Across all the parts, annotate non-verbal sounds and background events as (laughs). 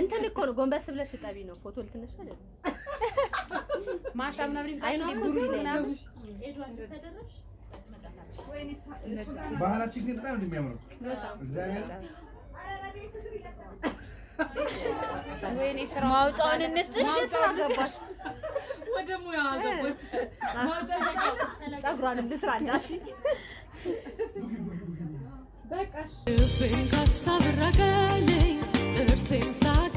እንትን እኮ ነው። ጎንበስ ብለሽ ጠቢ ነው። ፎቶ ልትነሽ ባህላችን ግን በጣም እንስጥሽ ወደ ሙያ ገቦች ልስራ በቃሽ sanırsın sadece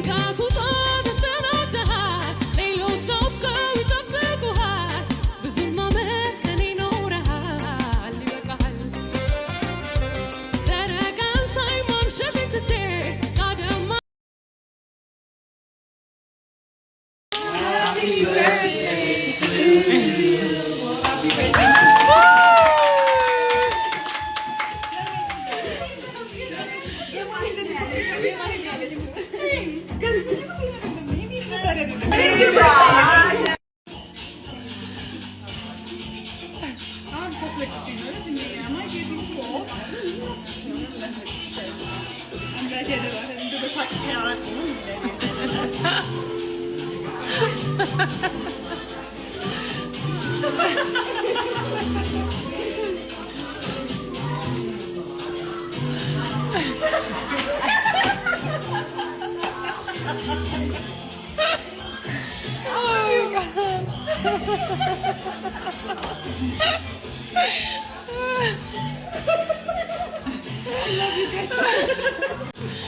卡苦走。oh my god. love you guys.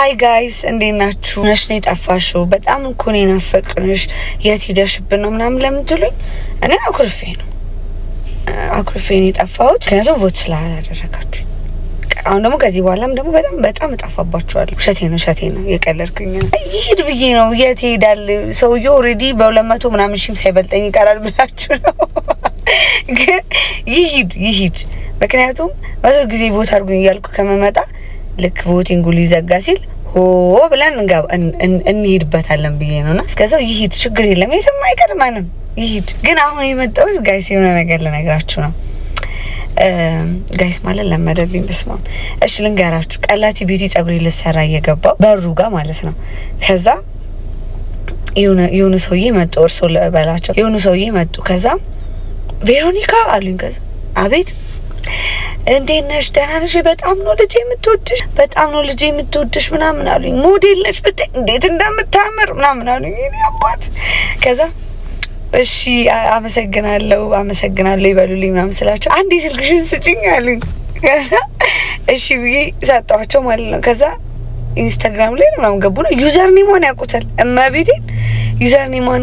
ሀይ ጋይስ እንዴት ናችሁ? ነሽ ነው የጠፋሽው? በጣም እኮ ነው የናፈቅንሽ። የት ሄደሽብን ነው ምናምን ለምትሉኝ እኔ አኩርፌ ነው አኩርፌ ነው የጠፋሁት። ምክንያቱም ቮት ስላላደረጋችሁ አሁን ደግሞ ከዚህ በኋላም ደግሞ በጣም በጣም እጠፋባችኋለሁ። ውሸቴ ነው ውሸቴ ነው የቀለድኩኝ ነው። ይሄድ ብዬ ነው የት ይሄዳል ሰውዬው ኦልሬዲ በሁለት መቶ ምናምን ሺም ሳይበልጠኝ ይቀራል ብላችሁ ነው ግን ይሂድ ይሂድ። ምክንያቱም መቶ ጊዜ ቮት አድርጉኝ እያልኩ ከመመጣ ልክ ቮቲንጉ ሊዘጋ ሲል ሆ ብለን እንጋ እንሄድበታለን ብዬ ነው። እና እስከዛው ይሂድ ችግር የለም የትም አይቀር ማንም ይሂድ። ግን አሁን የመጣሁት ጋይስ የሆነ ነገር ልነግራችሁ ነው። ጋይስ ማለት ለመደብኝ በስማም። እሺ ልንገራችሁ። ቀላቲ ቤቲ ጸጉሪ ልሰራ እየገባው በሩ ጋር ማለት ነው። ከዛ የሆኑ ሰውዬ መጡ፣ እርሶ ልበላቸው የሆኑ ሰውዬ መጡ። ከዛ ቬሮኒካ አሉኝ። ከዛ አቤት እንዴት ነሽ? ደህና ነሽ? በጣም ነው ልጅ የምትወድሽ፣ በጣም ነው ልጅ የምትወድሽ ምናምን አሉኝ። ሞዴል ነሽ ብታይ እንዴት እንደምታምር ምናምን አሉኝ። እኔ አባት ከዛ እሺ አመሰግናለሁ አመሰግናለሁ ይበሉልኝ ምናምን ስላቸው አንድ ስልክሽን ስጭኝ አሉኝ። ከዛ እሺ ብዬ ሰጠኋቸው ማለት ነው። ከዛ ኢንስታግራም ላይ ምናምን ገቡ ነው ዩዘር ኒሞን ያውቁታል። እመቤቴን ዩዘር ኒሞን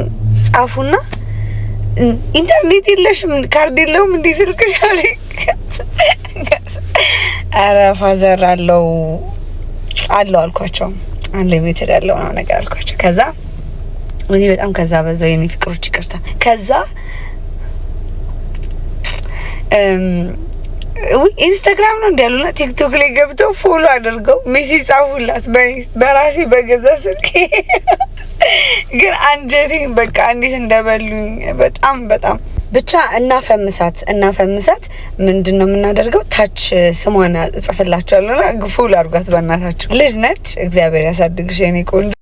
ጻፉና ኢንተርኔት የለሽም ካርድ የለውም እንዲህ ስልክሽ አለኝ ኧረ ፋዘር አለው አለው አልኳቸው። አንሊሚትድ ያለው ነው ነገር አልኳቸው። ከዛ እኔ በጣም ከዛ በዛው የኔ ፍቅሮች ይቅርታ። ከዛ ኢንስታግራም ነው እንዲያሉና ቲክቶክ ላይ ገብተው ፎሎ አድርገው ሜሴጅ ጻፉላት በራሴ በገዛ ስልኬ (laughs) ግን አንጀቴን በቃ እንዴት እንደበሉኝ በጣም በጣም ብቻ እናፈምሳት እናፈምሳት። ምንድን ነው የምናደርገው? ታች ስሟን ጽፍላችኋለሁ። ግፉ ላርጓት በእናታችሁ። ልጅ ነች። እግዚአብሔር ያሳድግሽ የኔ ቆንጆ።